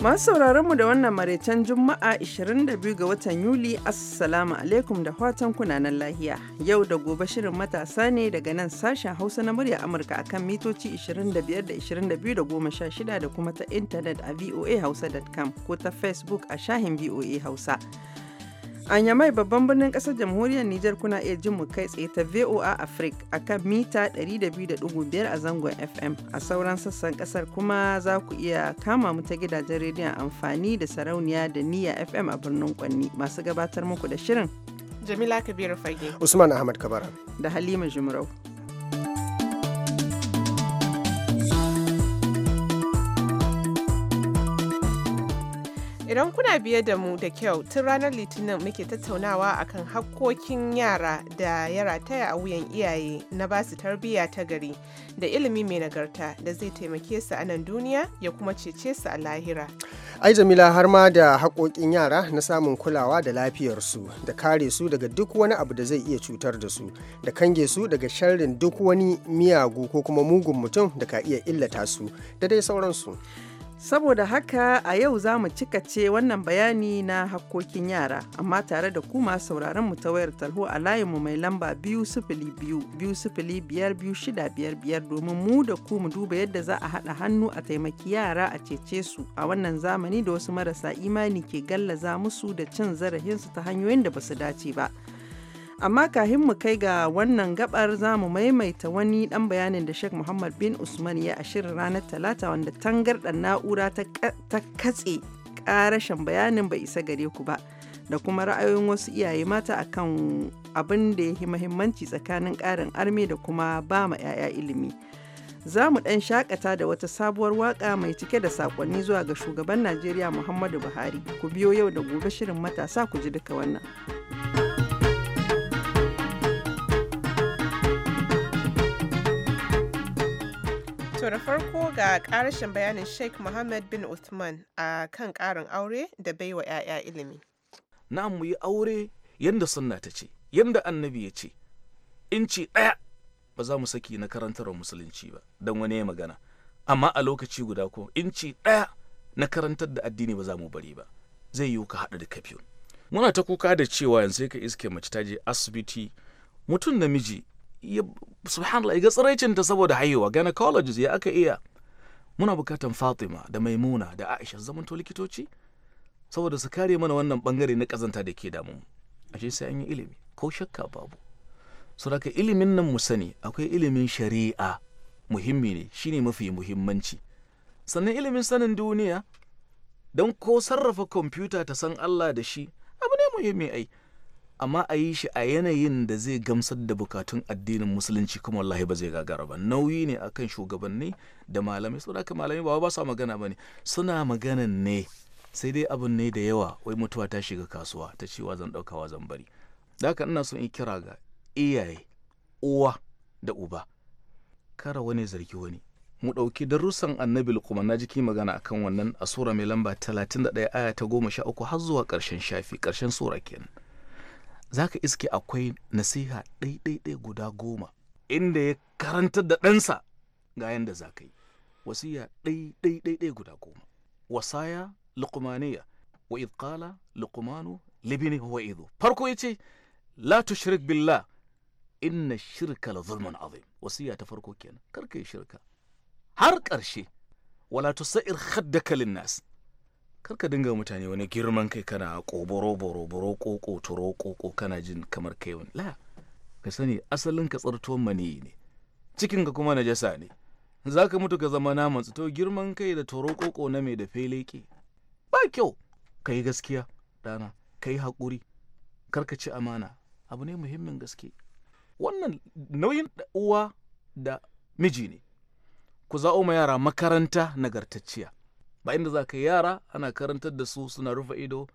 Masu sauraronmu da wannan maraicen Juma'a 22 ga watan Yuli, Assalamu alaikum da fatan kunanan lahiya. Yau da gobe shirin matasa ne daga nan sashen Hausa na murya Amurka a kan mitoci 25 da 22 da 16 da kuma ta intanet a voahausa.com ko ta Facebook a shahin VOA Hausa. A Yamai babban birnin kasar jamhuriyar Nijar kuna iya jin mu kai tsaye ta VOA Africa a kan mita 200.5 a zangon FM. A sauran sassan kasar kuma za ku iya kama mu ta gidajen rediyon amfani da sarauniya da niyya FM a birnin Kwanni. Masu gabatar muku da shirin. Jamila Kabiru Fage. Usman Ahmad Kabara. Da Halima Jumrau. Idan kuna biye da mu da kyau tun ranar Litinin muke tattaunawa akan hakkokin yara da ya rataya a wuyan iyaye na basu tarbiyya ta gari da ilimi mai nagarta da zai taimake su a nan duniya ya kuma cece su a lahira. Ai Jamila har ma da hakkokin yara na samun kulawa da lafiyarsu da kare su daga duk wani abu da zai iya cutar da su da kange su daga sharrin duk wani miyagu ko kuma mugun mutum da ka iya illata su da dai sauransu. Saboda haka a yau za mu cika ce wannan bayani na hakkokin yara, amma tare da kuma sauraron mu ta wayar tarho a layinmu mai lamba biyu sifili biyu biyu sifili biyar biyu shida biyar biyar domin mu da ku mu duba yadda za a haɗa hannu a taimaki yara a cece su a wannan zamani da wasu marasa imani ke gallaza musu da cin zarafinsu ta hanyoyin da basu dace ba. Amma kahin mu kai ga wannan gabar za mu maimaita wani dan bayanin da Sheikh Muhammad bin Usman ya a shirin ranar Talata wanda tangarɗar na'ura ta katse ƙarashin bayanin bai isa gare ku ba. da kuma ra'ayoyin wasu iyaye mata akan abin da ya yi mahimmanci tsakanin ƙarin armi da kuma ba ma 'ya'ya ilimi. Za mu ɗan shakata da wata sabuwar waƙa mai cike da saƙonni zuwa ga shugaban Najeriya Muhammadu Buhari. Ku biyo yau da gobe shirin matasa ku ji duka wannan. To da farko ga karshen bayanin Sheikh Mohammed bin Uthman a kan karin aure da baiwa 'ya'ya ilimi. Na mu yi aure yadda sunna ta ce, yadda annabi ya ce, inci ɗaya ba za mu saki na karantar musulunci ba, don wani ya magana. Amma a lokaci guda ko inci ɗaya na karantar da addini ba za mu bari ba, zai yiwu ka haɗa da kafiyon. Muna ta kuka da cewa yanzu ka iske mace ta je asibiti, mutum namiji subhanallah ga tsiraicinta saboda haihuwa gynecologist ya aka iya muna bukatan fatima da maimuna da aisha to likitoci saboda su kare mana wannan bangare na kazanta da ke damu ashe sai an yi ilimi ko shakka babu su daga ilimin nan mu sani akwai ilimin shari'a muhimmi ne shine mafi muhimmanci sannan ilimin sanin duniya don ko sarrafa kwamfuta ta san allah da shi abu ne muhimmi ai amma a yi shi a yanayin da zai gamsar da bukatun addinin musulunci kuma wallahi ba zai gagara ba nauyi ne akan shugabanni da malamai saboda haka malamai ba ba su magana ba ne suna maganan ne sai dai abin ne da yawa wai mutuwa ta shiga kasuwa ta cewa zan daukawa zan bari daka haka ina son in kira ga iyaye uwa da uba kara wani zargi wani mu ɗauki darussan annabi lukuma na jiki magana akan wannan a sura mai lamba talatin da ɗaya aya ta goma sha uku har zuwa ƙarshen shafi ƙarshen sura kenan za ka iske akwai nasiha ɗaiɗaiɗai guda goma inda ya karantar da ɗansa ga yadda za ka yi wasiya ɗaiɗaiɗai guda goma wasaya luqmaniya wa idh luqmanu libni huwa farko yace la tushrik billah inna shirka la zulmun azim wasiya ta farko kenan karka yi shirka har ƙarshe wala tusair khaddaka linnas Kar ka dinga mutane wani girman kai kana koboro boro boro koko turo kana jin kamar kai wani la ka sani asalin ka tsartuwan mani ne cikin ka kuma najasa ne za ka mutu ka zama naman to girman kai da toro na mai da feleke ba kyau ka yi gaskiya dana ka yi haƙuri ka ci amana abu ne muhimmin gaske wannan nauyin uwa da miji ne ku za'o ma yara makaranta nagartacciya ba inda za ka yara ana karantar da su suna rufe ido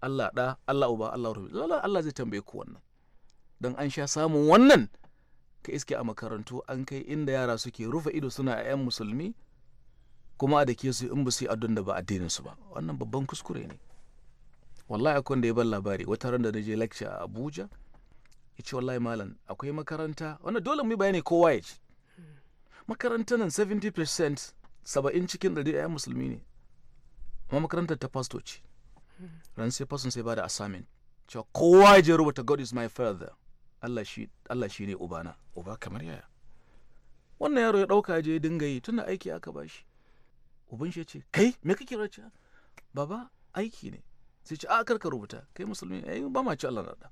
Allah ɗa Allah uba Allah rufe Allah zai tambaye ku wannan don an sha samun wannan ka iske a makarantu an kai inda yara suke rufe ido suna a 'yan musulmi kuma da ke su in ba su yi adon da ba addinin su ba wannan babban kuskure ne wallahi akwai da ya ban labari wata ran da na je lecture a Abuja ya ce wallahi malam akwai makaranta wannan dole mu bayani kowa ya ce makarantar nan 70% saba'in cikin ɗari ɗaya musulmi ne amma makarantar ta fasto ce ran sai fasin sai bada assignment cewa kowa ya je rubuta God is my father Allah shi Allah shi ne ubana uba kamar yaya wannan yaro ya ɗauka je dinga yi tunda aiki aka bashi uban shi ya ce kai me kake race baba aiki ne sai ce a kar ka rubuta kai musulmi ne ba ma ci Allah na da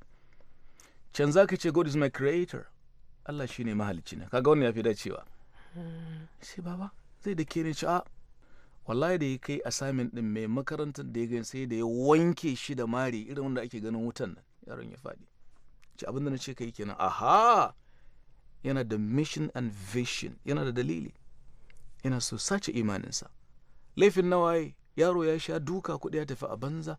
can za ka ce God is my creator Allah shi ne mahalicci na kaga wannan ya fi dacewa hmm. sai baba sai da ke ne ci ah, a wallahi da ya kai a assignment din mai makarantar da ya gani sai da ya wanke shi da mari irin wanda ake ganin wutan nan yaron ya faɗi ci abin da na ce kai kenan aha yana da mission and vision yana da dalili yana so sace imaninsa laifin nawaye yaro ya sha duka kuɗi ya tafi a banza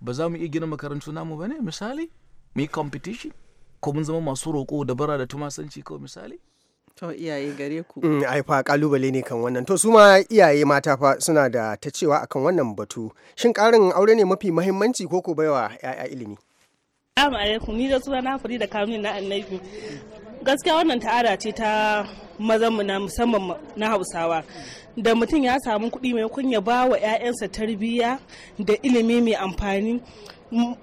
ba za mu iya gina makarantu namu ba ne misali mu yi competition ko mun zama masu roƙo da bara da tumasanci kawai misali To iyaye gare ku. Mm, ai kalubale ne kan wannan. To su ma iyaye mata fa suna da ta cewa akan wannan batu. Shin karin aure ne mafi mahimmanci ko ko baiwa 'ya'ya ilimi? Assalamu alaikum ni da suna na fari da kamun na annabi. Gaskiya wannan ta'ada ce ta mazan mu na musamman na Hausawa. Da mutum ya samu kuɗi mai kunya ba wa 'ya'yansa tarbiyya da ilimi mai amfani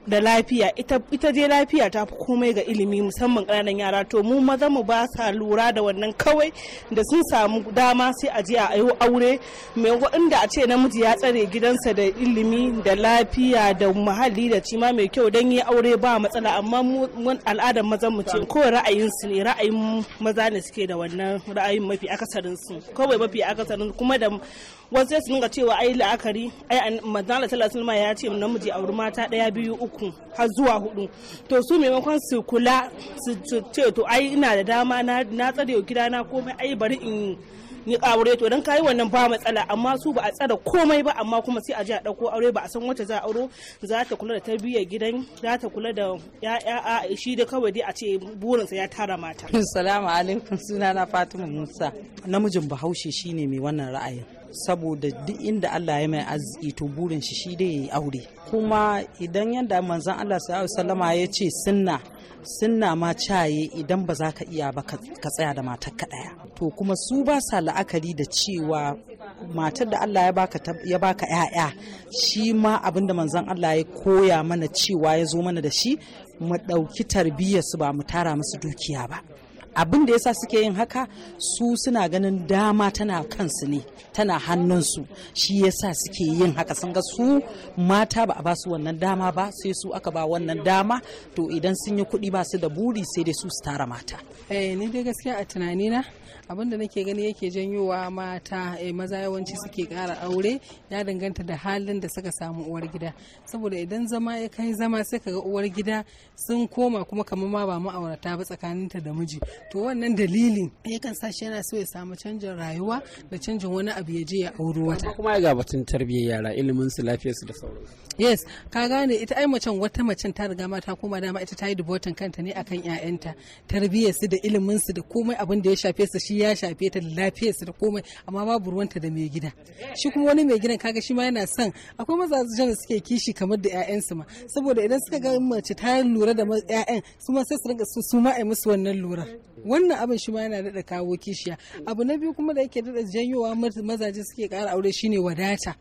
da lafiya ita ita dai lafiya ta fi komai ga ilimi musamman ƙananan yara to mu maza mu ba sa lura da wannan kawai da sun samu dama sai a je a yi aure mai waɗanda a ce namiji ya tsare gidansa da ilimi da lafiya da muhalli da cima mai kyau don yi aure ba matsala amma mun al'adar mazan mu ce ko ra'ayin su ne ra'ayin maza ne suke da wannan ra'ayin mafi akasarin su kawai mafi akasarin kuma da wasu su dinga cewa ai la'akari ai maza Allah sallallahu ya ce namiji auri mata daya biyu uku har zuwa hudu to su maimakon su kula su ce to ai ina da dama na tsare gidana komai ai bari in yi aure to dan kayi wannan ba matsala amma su ba a tsare komai ba amma kuma sai a ji a dauko aure ba a san wacce za a aure za ta kula da tarbiyyar gidan za ta kula da ya'ya a shi da kawai dai a ce burinsa ya tara mata assalamu alaikum sunana fatima musa namijin bahaushe shine mai wannan ra'ayin saboda duk inda Allah ya mai arziki to burin shi shi dai aure kuma idan yadda manzon Allah sallallahu alaihi wasallama ya ce sunna sunna ma caye idan ba za ka iya ba ka tsaya da matar ka daya to kuma su ba sa la'akari da cewa matar da Allah ya baka ya baka ƴaƴa shi ma abin da manzon Allah ya koya mana cewa ya zo mana da shi mu ɗauki tarbiyyar su ba mu tara musu dukiya ba abin da yasa suke yin haka su suna ganin dama tana kansu ne tana hannunsu shi yasa suke yin haka sun ga su mata ba a ba su wannan dama ba sai su aka ba wannan dama to idan sun yi kuɗi ba su da buri sai dai su su tara mata. Eh, ni dai gaskiya a tunanina abin da nake gani yake janyowa mata eh, maza yawanci suke kara aure ya danganta da halin da suka samu uwar gida saboda idan zama ya kai zama sai kaga uwar gida sun koma kuma kamar ma ba ma'aurata ba tsakaninta da miji to wannan dalilin yakan sa shi yana so ya samu canjin rayuwa da canjin wani abu ya je ya auri wata kuma ga batun tarbiyyar yara ilimin su lafiyar su da sauransu yes ka gane ita ai macen wata macen ta riga mata, kuma koma dama ita ta yi dubotin kanta ne akan 'ya'yanta tarbiyyar su da ilimin su da komai abin da ya shafe su shi ya shafe ta da lafiyarsa da komai amma babu ruwanta da mai gida shi kuma wani mai gidan kaga shi ma yana son akwai mazajen da suke kishi kamar da 'ya'yansu ma saboda idan suka ga mace ta lura da 'ya'yan su ma sai su rinka su ma a musu wannan lura wannan abin shi ma yana daɗa kawo kishiya abu na biyu kuma da yake daɗa janyowa mazaje suke ƙara aure shine wadata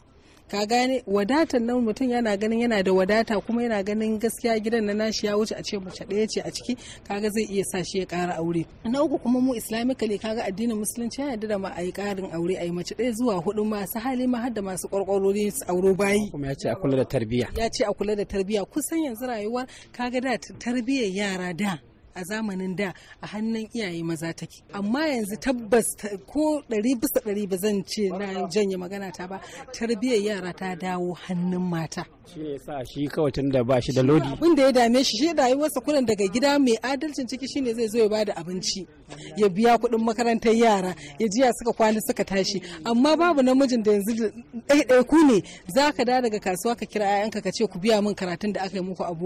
ka gane wadatar nan mutum yana ganin yana da wadata kuma yana ganin gaskiya gidan na nashi ya wuce a ce mace ɗaya ce a ciki kaga zai iya sa shi ya kara aure na uku kuma mu islamically kaga addinin musulunci ya da ma a yi ƙarin aure a yi mace ɗaya zuwa hudu masu hali ma har da masu ƙwarƙwarori su auro bayi kuma ya ce a kula da tarbiyya ya ce a kula da tarbiyya kusan yanzu rayuwar kaga da tarbiyyar yara da a zamanin da a hannun iyaye maza take amma yanzu tabbas ko ɗari bisa ɗari ba zan ce na janye magana ta ba tarbiyyar yara ta dawo hannun mata shi ne sa shi kawai da ba shi da lodi abin da ya dame shi shi da yi wasa kulan daga gida mai adalcin ciki shine zai zo ya bada abinci ya biya kuɗin makarantar yara ya jiya suka kwana suka tashi amma babu namijin da yanzu ɗaiɗaiku ne za ka da daga kasuwa ka kira ƴaƴanka ka ce ku biya min karatun da aka yi muku a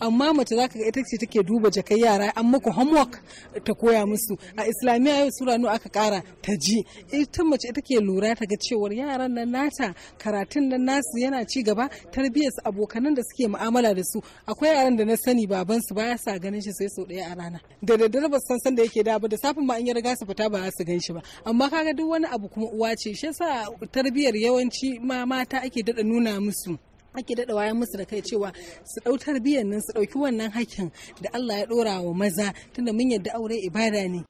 amma mace za ka ga ita ce take duba jakai yara an muku homework ta koya musu a islamiyya yau sura nawa aka kara ta ji ita mace ita ke lura ta ga cewar yaran nan nata karatun nan nasu yana ci gaba tarbiyyar abokanan da suke mu'amala da su akwai yaran da na sani babansu baya sa ganin shi sai sau ɗaya a rana da daddare ba san san da yake da abu da safin ma in ya riga su fita ba su gan shi ba amma kaga duk wani abu kuma uwa ce shi yasa tarbiyyar yawanci ma mata ake dada nuna musu ake daɗa wayan musu da kai cewa su ɗau tarbiyyar nan su ɗauki wannan hakkin da Allah ya ɗora wa maza tunda mun yadda aure ibada ne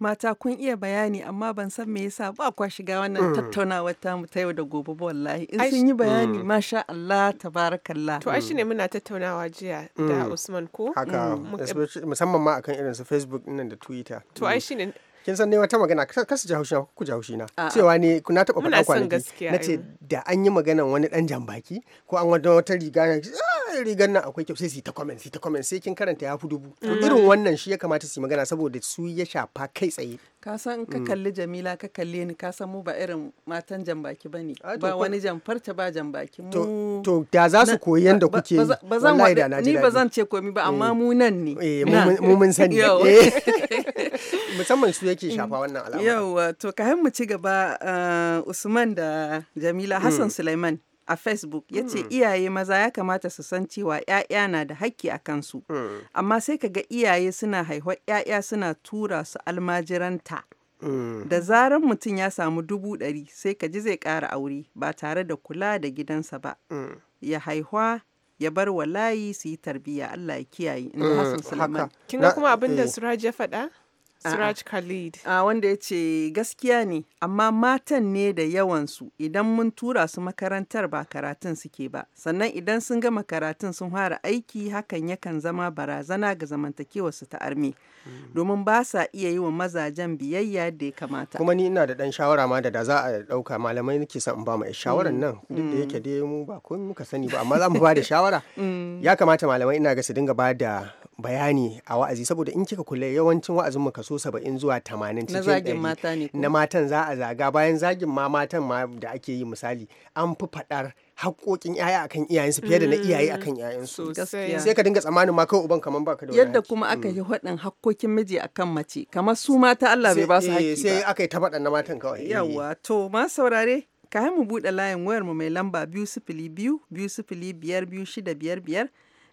Mata kun iya bayani amma ban san me yasa ba kwa shiga wannan mm. tattaunawar tamu ta yau da gobe ba wallahi. In sun yi bayani mm. masha Allah tabarakallah. To ai shine mm. muna tattaunawa jiya da Usman ko? Haka musamman ma akan irin su Facebook nan da Twitter. To shine kin san ne wata magana kasu ji haushi ku ji haushi na cewa ne na taba faɗa kwanaki na ce da an yi magana wani dan jambaki ko an wata wata riga rigar nan akwai kyau sai su ta comment su ta comment sai kin karanta ya fi dubu to mm. irin wannan shi ya kamata su magana saboda su ya shafa kai tsaye ka san ka mm. kalli Jamila ka kalli ni ka san mu ba irin matan jambaki bane ba wani ta ba jambaki mu to da za su koyi yanda kuke yi wallahi da na ji ni ba zan ce komi ba amma eh. mu nan ne eh, mu mun sani eh. musamman su yake shafa mm. wannan alama. yawa to kayan mu ci gaba uh, Usman da Jamila mm. Hassan Suleiman a Facebook ya ce mm. iyaye maza ya kamata su san cewa 'ya'ya na da hakki a kansu, amma sai ka ga iyaye suna haihuwar 'ya'ya suna tura su almajiranta. Da zaran mutum ya samu dubu ɗari sai ka ji zai ƙara aure ba tare da kula da gidansa ba. Ya haihuwa ya bar wa layi su yi tarbiyya Allah ya kiyaye. Kin kuma abin da eh. Suraj ya faɗa? Suraj Khalid. A wanda ya ce gaskiya ne, amma matan ne da yawansu idan mun tura su makarantar ba karatun suke ba. Sannan idan sun gama karatun sun fara aiki hakan yakan zama barazana ga zamantakewarsu ta armi. Mm. Domin ba sa iya yi wa mazajen biyayya da ya kamata. Kuma ni ina da ɗan shawara ma da da za a ɗauka malamai nake son in ba mu shawaran mm. nan duk da mm. yake dai mu ba kun muka sani ba amma za mu ba da shawara. Ya kamata malamai ina ga su dinga ba da bayani a wa'azi saboda in kika kula yawancin wa'azin mu kaso 70 zuwa 80 cikin na na matan za a zaga bayan zagin ma matan ma da ake yi misali an fi fadar haƙoƙin yaya akan iyayensu fiye da na mm, iyaye akan iyayensu sai ka dinga tsammanin ma kawai uban kaman baka da yadda kuma aka mm. yi waɗin haƙoƙin miji akan mace kamar su mata Allah bai ba su haƙƙi eh, ba sai aka yi ta na matan kawai eh. yawa to ma saurare ka mu buɗe layin wayar mu mai lamba biyu sifili biyu biyu sifili biyar biyu shida biyar biyar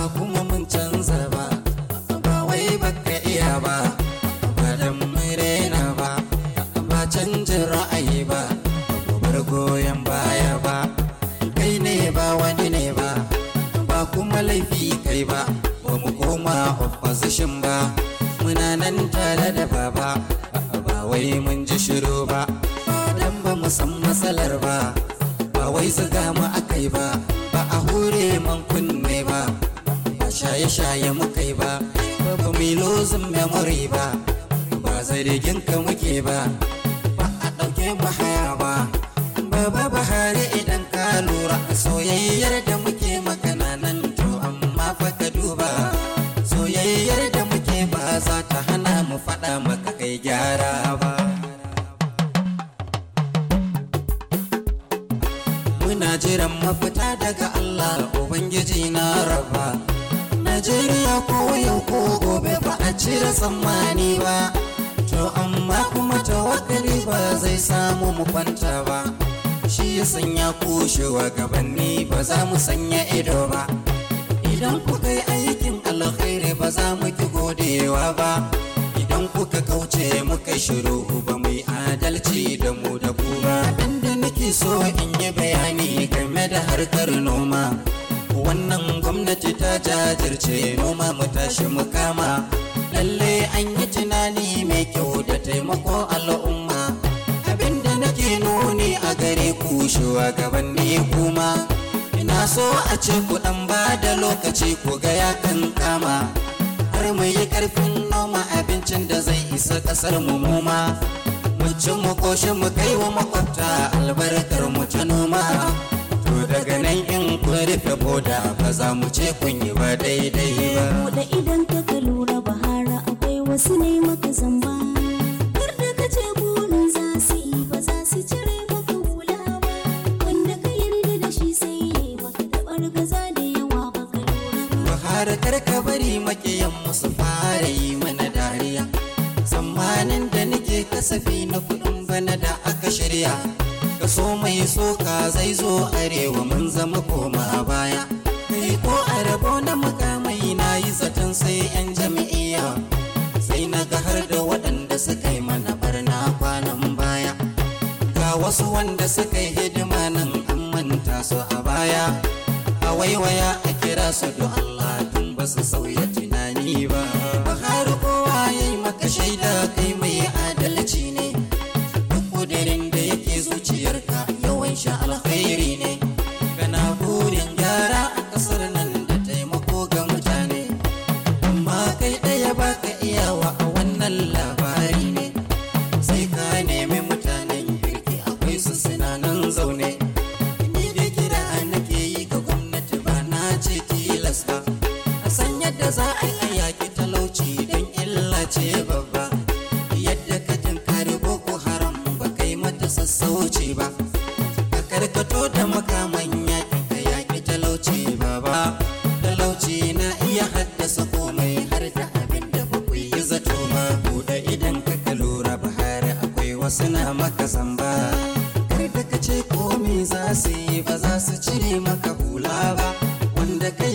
ba kuma mun canza ba ba wai baka iya ba ba dan mai raina ba ba canjin ra'ayi ba gobar goyon baya ba kai ne ba wani ne ba ba kuma laifi kai ba ba mu koma opposition ba muna nan tare da baba ba wai mun ji shiru ba dan ba mu san matsalar ba ba wai su gama losing memory ba ba zargin ka muke ba ba a ɗauke ba haya ba baba bahari idan ka lura soyayyar da muke magana nan to amma fa ka duba soyayyar da muke ba za ta hana mu faɗa maka kai gyara ba muna jiran mafita daga Allah Ubangiji na raba Najeriya ko yau ko gobe ba cire tsammani ba to amma kuma tawakali ba zai samu mu kwanta ba shi ya sanya kushewa gabanni ba za mu sanya ido ba idan kuka yi aikin alkhairi ba za mu ki godewa ba idan kuka kauce muka shiru ba mu adalci da mu da ku ba Inda nake so in yi bayani game da harkar noma wannan gwamnati ta jajirce noma mu tashi mu kama lalle an yi tunani mai kyau da taimako al'umma abinda nake nuni a gare ku ne kuma ina so a ce ku dan ba da lokaci ku ga ya kan kama har mu yi karfin noma abincin da zai isa kasar mu muma mu ci mu koshi mu kai wa makwabta albarkar mu ta noma to daga nan in kun rufe boda ba za mu ce kun yi ba daidai ba idan ka lura su ne maka zamba har da ka ce burin za su yi ba za su cire maka hula ba wanda ka yarda da shi sai ne baka tabar gaza da yawa ka lura ba har kar ka bari makiyan musu fara yi mana dariya tsammanin da nake kasafi na kuɗin bana da aka shirya kaso mai soka zai zo arewa mun zama koma baya kai ko a rabo na makamai na yi zaton sai 'yan jami'iyya na ga har da waɗanda suka yi mana barna kwanan baya ga wasu wanda suka yi hidima nan an manta su a baya a waiwaya a kira su da Allah tun ba su sauya tunani ba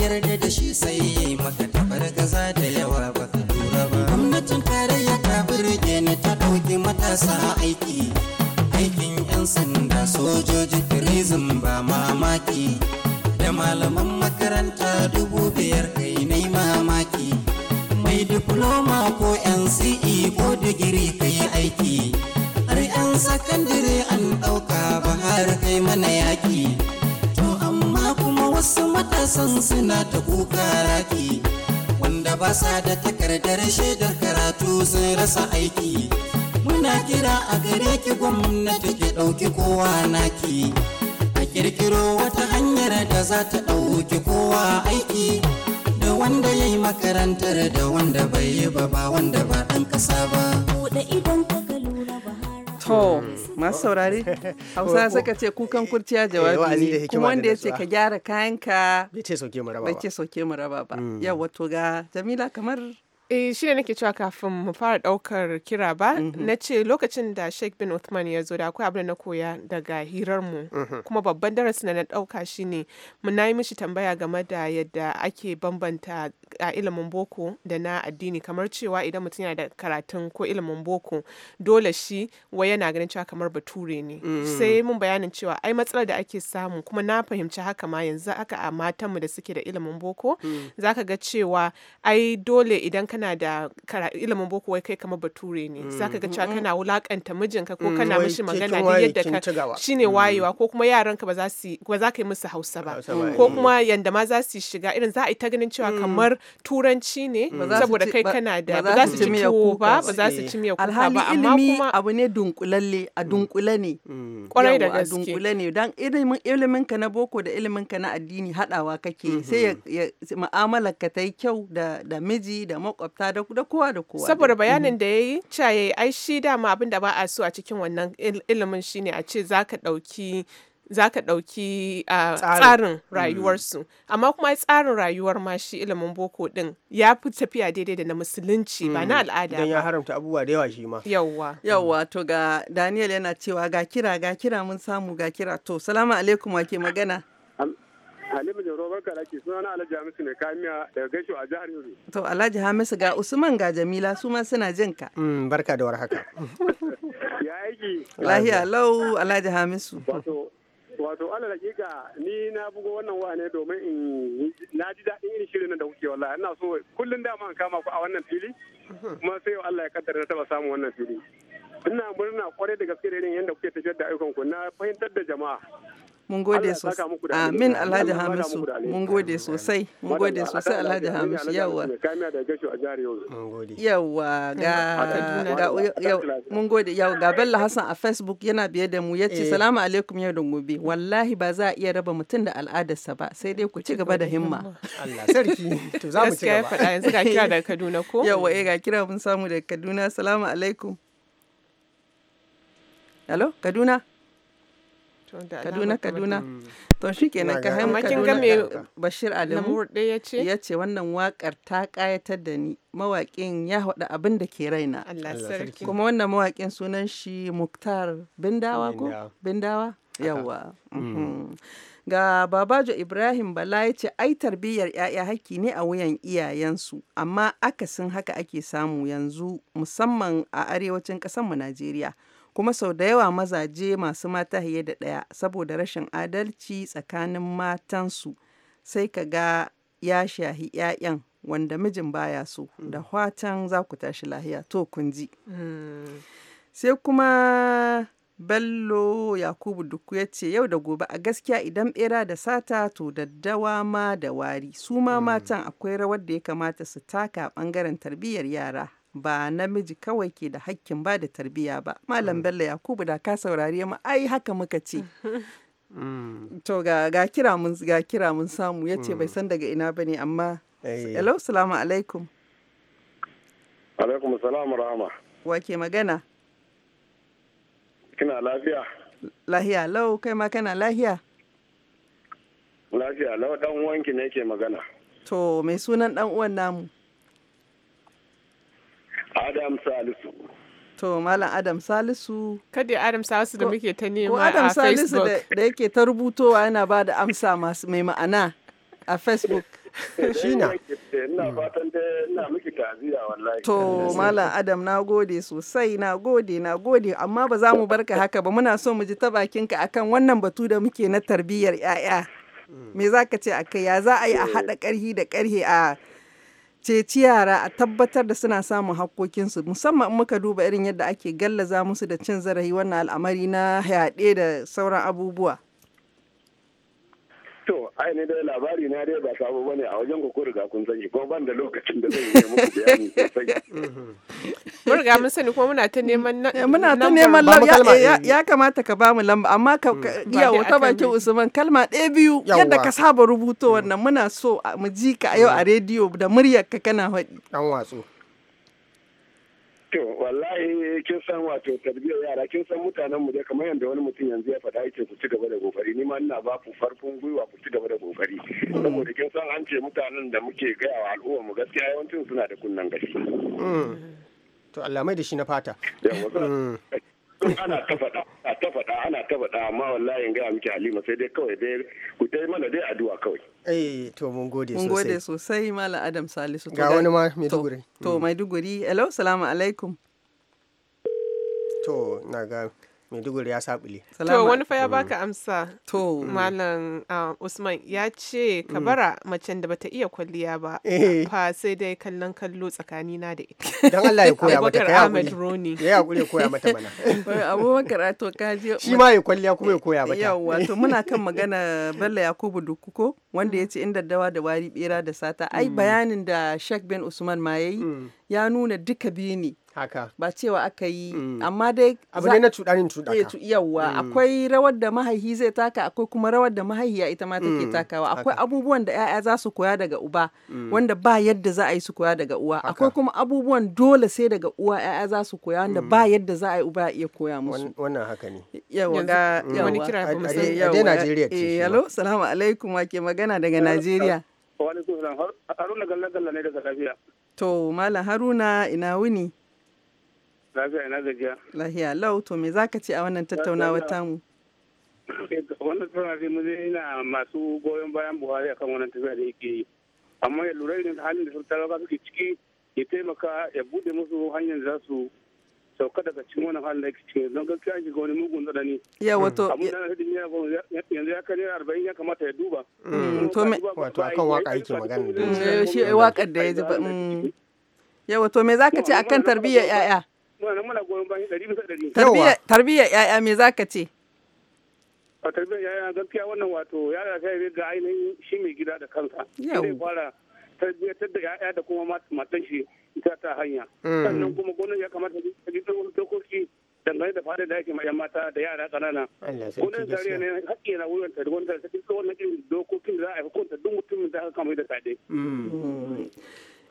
yarda da shi sai yayi maka tabar gaza da yawa baka tura ba gwamnatin tarayya ta burge ni ta ɗauki matasa aiki aikin yan sanda sojoji turizm ba mamaki da malaman makaranta dubu biyar kai nai mamaki mai diploma ko nce ko digiri kai aiki har yan sakandire an ɗauka ba har kai mana yaki san suna ta kuka raki wanda ba sa da takardar shaidar karatu sun rasa aiki muna kira a gare ki gwamnati ki ɗauki kowa naki a kirkiro wata hanyar da za ta ɗauki kowa aiki da wanda ya yi makarantar da wanda bai yi ba ba wanda ba ɗan ƙasa ba. To, masu oh. saurari hausa oh, oh. ka ce kukan kurciya eh, jawabi kuma wanda ya ce ka gyara kayanka bai ce sauke mu raba ba mm. yau wato ga jamila kamar Eh shi ne nake cewa kafin mu fara daukar kira ba mm-hmm. na ce lokacin da Sheikh bin Uthman ya zo da akwai abin da na koya daga hirar mu mm-hmm. kuma babban darasin da na dauka shine mu nayi mishi tambaya game da yadda ake bambanta a ilimin boko da na addini kamar cewa idan mutum yana da karatun ko ilimin boko dole shi wai yana ganin cewa kamar bature ne mm-hmm. sai mun bayanin cewa ai matsalar da ake samu kuma na fahimci haka ma yanzu haka a mu da suke da ilimin boko mm. zaka ga cewa ai dole idan kana da ilimin boko wai kai kamar bature ne mm-hmm. zaka ga cewa kana wulakanta mijinka ko mm, kana mishi magana da yadda ka shine mm. wayewa ko kuma yaranka ba za su ba za ka yi musu Hausa ba ko eh. kuma yanda ma za su shiga irin za a yi ta ganin cewa mm. kamar turanci ne saboda kai kana da ba za su ci tuwo ba ba za su ci miya kuka ba amma kuma abu ne dunkulalle a dunkule ne kwarai da gaske dunkule ne dan ilimin ilimin ka na boko da ilimin ka na addini hadawa kake sai mm-hmm. ya mu'amalar ka ta yi kyau da miji da makwabta makwabta da kowa da kowa saboda bayanin mhm. da yayi caye ai shi dama abin da ba a so a cikin wannan ilimin shi ne a ce ka dauki za ka ɗauki tsarin mhm. rayuwarsu amma kuma tsarin rayuwar ma shi ilimin boko ɗin ya fi tafiya daidai da na musulunci ba na mhm. al'ada don ya haramta abubuwa da yawa shi ma yawwa yawwa to ga daniel yana cewa ga kira ga kira mun samu ga kira to salamu alaikum wa ke magana Halima da Robar Kalaki suna na Alhaji Hamisu ne kamiya daga Gaisho a jihar Yobe. To Alhaji Hamisu ga Usman ga Jamila su ma suna jin ka. Mm, barka da warhaka. Ya aiki. Lahiya lau Alhaji Hamisu. Wato wato ala hakika ni na bugo wannan wa ne domin in na ji daɗin irin shirin da kuke wallahi ina so kullun da an kama ku a wannan fili kuma sai Allah ya kaddara na taba samun wannan fili ina murna kwarai da gaske da irin yadda kuke tafiyar da ayyukan ku na fahimtar da jama'a mun gode sosai amin alhaji hamisu mun gode sosai mun gode sosai alhaji hamisu yawa yawa ga mun gode yawa ga bello hassan a facebook yana biye da mu ya ce eh. salamu alaikum yau da gobe wallahi ba za a iya raba mutum da al'adarsa ba sai dai ku ci gaba da himma Allah sarki to za mu ci gaba faɗa yanzu ga kira daga Kaduna ko yawa eh ga kira mun samu daga Kaduna salamu alaikum Hello Kaduna kaduna kaduna mm. to shi kenan ka kaduna bashir alamu ya ce wannan wakar ta kayatar da ni mawaƙin ya haɗa abin da ke raina kuma wannan mawaƙin sunan shi muktar bindawa ko bindawa yawa mm. mhm. ga babajo ibrahim bala ya ce ai tarbiyyar ya'ya hakki ne a wuyan iyayensu amma akasin haka ake samu yanzu musamman a arewacin ƙasarmu najeriya kuma sau da yawa mazaje masu mata haye da ɗaya saboda rashin adalci tsakanin matansu sai ka ga ya shahi 'ya'yan wanda mijin baya so hmm. da watan za ku tashi lahiya to kun ji hmm. sai kuma bello yakubu duku ya ce yau da gobe a gaskiya idan bera da sata to daddawa ma da wari su ma hmm. matan akwai rawar da ya kamata su taka bangaren tarbiyyar yara ba namiji kawai ke da hakkin ba da tarbiyya ba malam mm. bello yakubu da ka saurari mu ai haka muka ce mm. to ga kira mun ga kira mun samu yace bai mm. san daga ina bane amma eh. hello assalamu alaikum alaikum assalam rahama wa ke magana kina lafiya lahiya lau kai ma kana lahiya lafiya lau dan uwanki ne ke magana to mai sunan dan uwan namu Adam Salisu. To Malam Adam Salisu. Kada Adam Salisu da muke ta nema a Facebook. Adam Salisu da yake ta rubutowa yana ba da amsa masu mai ma'ana a Facebook. Eh, Shi na. Hmm. To Malam Adam na gode sosai na gode na gode amma ba za mu barka haka ba muna so mu ji ta bakinka akan wannan batu da muke na tarbiyyar 'ya'ya. Hmm. Me za ka ce a kai ya za a yi a eh. haɗa ƙarhi da ƙarhe a ceci yara a tabbatar da suna samun haƙƙoƙinsu musamman muka duba irin yadda ake gallaza musu da cin zarafi wannan al'amari na yaɗe da sauran abubuwa. To, ai ne dai labari na dai ba sabo bane a wajen ku riga kun sani ko ban da lokacin da zan yi muku bayani sosai. Mun riga mun sani kuma muna ta neman eh, muna ta neman eh. ya kamata ka ba mu lamba amma ka hmm. iya wata bakin Usman kalma ɗaya biyu yadda ka saba rubuto hmm. wannan muna so mu ji ka a yau a hmm. rediyo da muryar ka kana faɗi. An watsu. To wallahi kin san wato tarbiyyar yara kin san mutanen mu da kamar yadda wani mutum yanzu ya faɗa yake ku ci gaba da kokari ni ma ina ba ku farkon gwiwa ku ci gaba da kokari saboda kin san an ce mutanen da muke gaya wa al'umma mu gaskiya yawancin suna da kunnan gashi. Mm. To Allah mai da shi na fata. ana ta faɗa ana ta faɗa ana ta faɗa amma wallahi ga gaya miki halima sai dai kawai dai ku ta mana dai addu'a kawai eh to mun gode sosai mun gode sosai mala adam salisu ga wani ma maiduguri to mm. maiduguri hello assalamu alaikum to na ga maiduguri ya saɓule to wani fa ya baka mm. amsa to malam ah, usman ya ce ka mm. bara macen da bata iya kwalliya ba eh. fa sai dai kallon kallo tsakanina da ita don Allah ya koya mata kai Ahmed Roni ya hakuri ya koya mata mana abubakar ah, to ka je shi ma ya kwalliya kuma ya koya mata yawa to muna kan magana Bello Yakubu Dukuko wanda ya ce in daddawa da wari bera da sata ai mm. bayanin da Sheikh Ben Usman ma yayi ya nuna duka biyu ne haka ba cewa aka yi mm. amma dai abu ne na cuɗanin cuɗaka eh, yawwa mm. akwai rawar da mahaihi zai taka akwai kuma rawar da mahaihiya ita ma take mm. takawa akwai abubuwan da 'ya'ya za su koya daga uba wanda ba yadda za a yi su koya daga uwa akwai kuma abubuwan dole sai daga uwa 'ya'ya za su koya wanda ba yadda za a yi uba ya iya koya musu wannan haka ne yawwa ga wani kira kuma sai yawwa Najeriya ce eh, hello assalamu alaikum wake magana daga Najeriya wa alaikum salam Haruna Galla Galla ne daga Najeriya to Malam Haruna ina wuni Lafiya na gajiya. Lahiya lau to me zaka ce a wannan tattaunawa tamu? Wannan tattaunawa mu zai ina masu goyon bayan Buhari akan wannan tafiya da yake yi. Amma ya lura da halin da sun talaka suke ciki ya taimaka ya bude musu hanyar za su sauka daga cikin wannan halin da yake ciki don gaskiya shiga wani mugun tsanani. Ya wato. Abin da yanzu ya kai naira arba'in ya kamata ya duba. Mm, to me wato akan waka yake magana. Eh, shi waƙar da ya ji ba. Mm. Yawa to me zaka ce akan tarbiyyar 'ya'ya? muna goyon bayan ɗari bisa ɗari. tarbiyya ‘ya'ya me za ka ce? A ‘ya'ya gaskiya wannan wato yara ta yi ga ainihin shi mai gida da kansa. Zai fara tarbiyyar da ‘ya'ya da kuma matan shi ita ta hanya. Mm. Sannan kuma gwamnati ya kamata ta wani dokoki dangane da fadar da ake ma ‘yan mata da yara ƙanana. Gwamnatin tarayya ne haƙƙi na wuyan ta gwamnati ta irin dokokin da za a haifi duk mutumin da aka da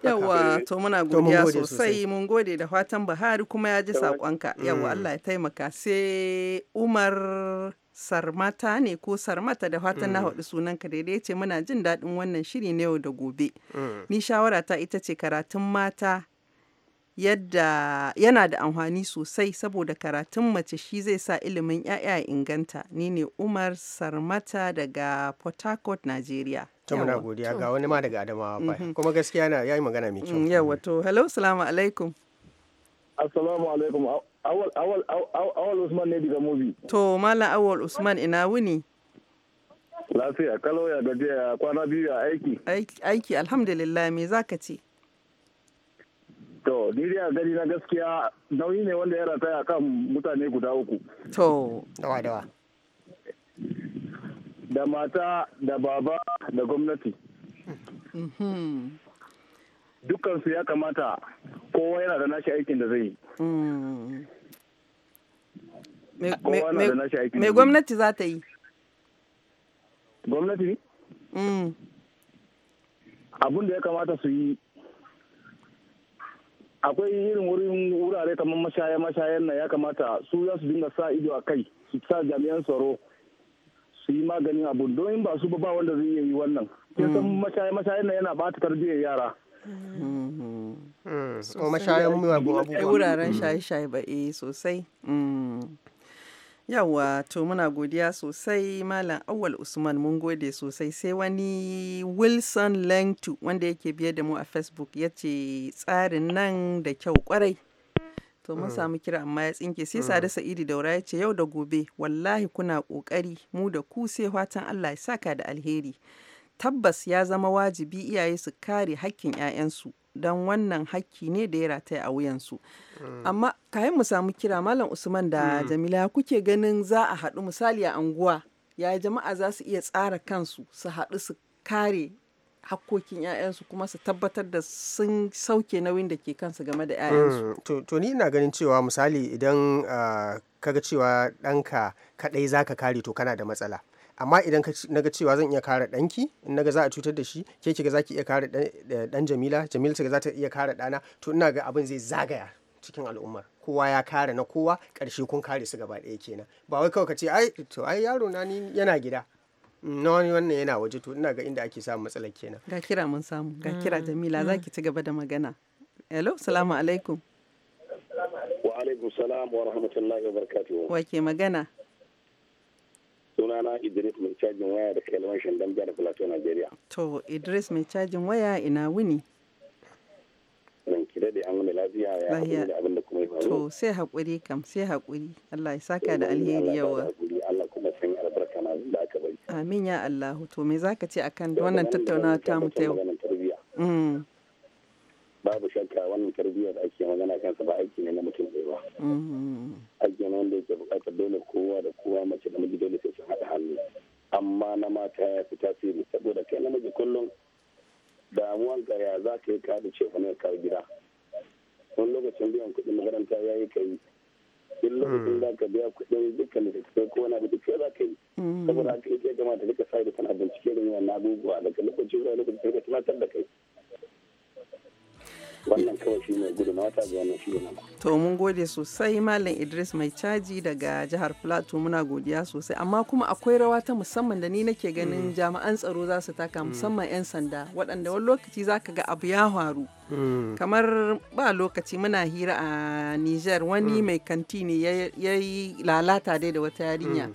Yawa, to muna godiya sosai, mun gode da fatan Buhari kuma ya ji sakonka mm. Yawa, Allah ya taimaka. Sai Umar Sarmata ne ko Sarmata da fatan na mm. haɗu sunanka daidai ce muna jin daɗin wannan shiri na yau da gobe. Mm. Ni shawara ta ita ce karatun mata yadda yana da amfani sosai saboda karatun mace shi zai sa ilimin 'ya'ya inganta. Ni ne Umar Sarmata daga Port Harcourt, Nigeria. ta muna godiya ga wani ma daga adamawa ba mm-hmm. kuma gaskiya na yayi magana mai kyau mm, ya wato hello salamu alaikum assalamu alaikum awal awal awal usman ne daga mobi. to mallam awal usman ina wuni lafiya kalau ya gaje ya kwana biyu ya aiki aiki alhamdulillah me zaka ce to ni dai gari gani na gaskiya nauyi ne wanda ya rataya kan mutane guda uku to dawa dawa da mata da baba da gwamnati dukansu ya kamata kowa yana da nashi aikin da zai yi me gwamnati za ta yi gwamnati mm. Abun abin da ya kamata su yi akwai irin wurin wurare kamar mashaya mashayan na ya kamata su za su dinga sa ido a kai su sa jami'an tsaro su yi maganin abu don ba su ba wanda zai yi wannan san mm. mashaye na yana bata tarbiyyar yara so mm-hmm. mashayan mm. wuraren mm. shaye-shaye ba eh sosai yawa to muna godiya sosai malam awal usman mun gode sosai sai wani wilson langtu wanda yake biye da mu a facebook ya ce tsarin nan da kyau kwarai to mun mm. samu kira amma ya tsinke sai mm. sada sa'idi daura ya ce yau da gobe wallahi kuna kokari mu da ku sai fatan Allah ya saka da alheri tabbas ya zama wajibi iyaye su kare hakkin 'ya'yansu don wannan hakki ne da ya rataya a wuyansu mm. amma kayan mu samu kira malam usman da jamila kuke ganin za a haɗu misali a anguwa ya jama'a za su iya tsara kansu su haɗu su kare hakkokin 'ya'yansu kuma su tabbatar da sun sauke nauyin da ke kansu game da 'ya'yansu. Mm, to ni ina ganin cewa misali idan ah, kaga cewa ɗanka kaɗai za ka kare to kana da matsala. amma idan na ga cewa zan iya kare ɗanki in na ga za a cutar da shi ke ga za ki iya kare ɗan jamila jamila ga za ta iya kare ɗana to ina ga abin zai zagaya cikin al'ummar kowa ya kare na kowa ƙarshe kun kare su gaba ɗaya kenan ba wai kawai ka ce ai to ai yaro na ni yana gida na wani wannan yana waje to ina ga inda ake samun matsalar kenan ga kira mun samu ga mm. kira jamila za ki ci gaba da magana hello salamu alaikum wa alaikum salam wa rahmatullahi wa barakatuhu wa ke magana sunana idris mai cajin waya da kalman shandan da plateau nigeria to idris mai cajin waya ina wuni kira da an wani lafiya ya haɗu da abin da kuma yi to sai haƙuri kam sai haƙuri allah ya saka da alheri yawa Amin ya Allahu To me za ka ce akan wannan tattaunawa ta mu ta mm. yau? Babu shakka wannan tarbiyyar ake magana kansa ba aiki ne na mutum ɗaya ba. Mm-hmm. Aiki ne wanda yake buƙatar dole kowa da kowa mace da miji dole sai sun haɗa hannu. Amma na mata ya fi tasiri saboda kai namiji kullum damuwan ka ya za ka yi ka da ce ka gida. Wani lokacin biyan kuɗin makaranta ya yi ka yi. duk lokacin za hmm. ka biya kuɗin dukkan littattafai ko wani abu duk sai za ka yi hmm. saboda haka yake gama da duka sai da tana bincike da yawan abubuwa daga lokacin zuwa lokaci sai ka tunatar da kai wannan kawai shi ne gudu na wata zuwa wannan shi to mun gode sosai malam idris mai caji daga jihar plateau muna godiya sosai amma kuma akwai rawa ta musamman da ni nake ganin mm. jami'an tsaro za su taka mm. musamman 'yan sanda waɗanda wani lokaci za ka ga abu ya faru mm. kamar ba lokaci muna hira a niger wani mai kanti ne ya yi lalata dai da wata yarinya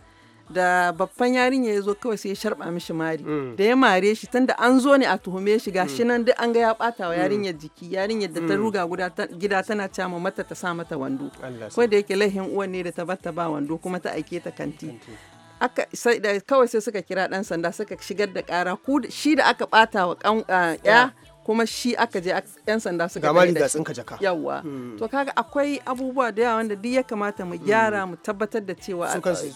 da babban yarinya ya zo kawai sai ya sharba mishi mari mm. da ya mare shi tunda an zo ne a tuhume shi gashi mm. nan duk an ga ya bata wa mm. yarinyar jiki yarinyar da ta ruga gida tana cama mata ta sa mata wando ko da yake laihin uwan ne da ta bata ba wando kuma ta aike ta kanti aka sai da kawai sai suka kira dan sanda suka shigar da kara ku shi da aka bata wa ah, ya kuma shi aka je yan sanda suka ga riga sun ka jaka yawa hmm. to kaga akwai abubuwa da yawa wanda duk ya kamata mu gyara hmm. mu tabbatar da cewa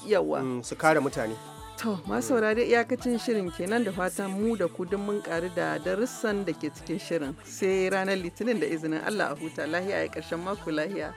yawa hmm, su kare mutane To, masu saurari iyakacin shirin kenan da fatan mu da ku duk mun karu da darussan da ke cikin shirin. Sai ranar Litinin da izinin Allah a huta lahiya karshen mako lahiya.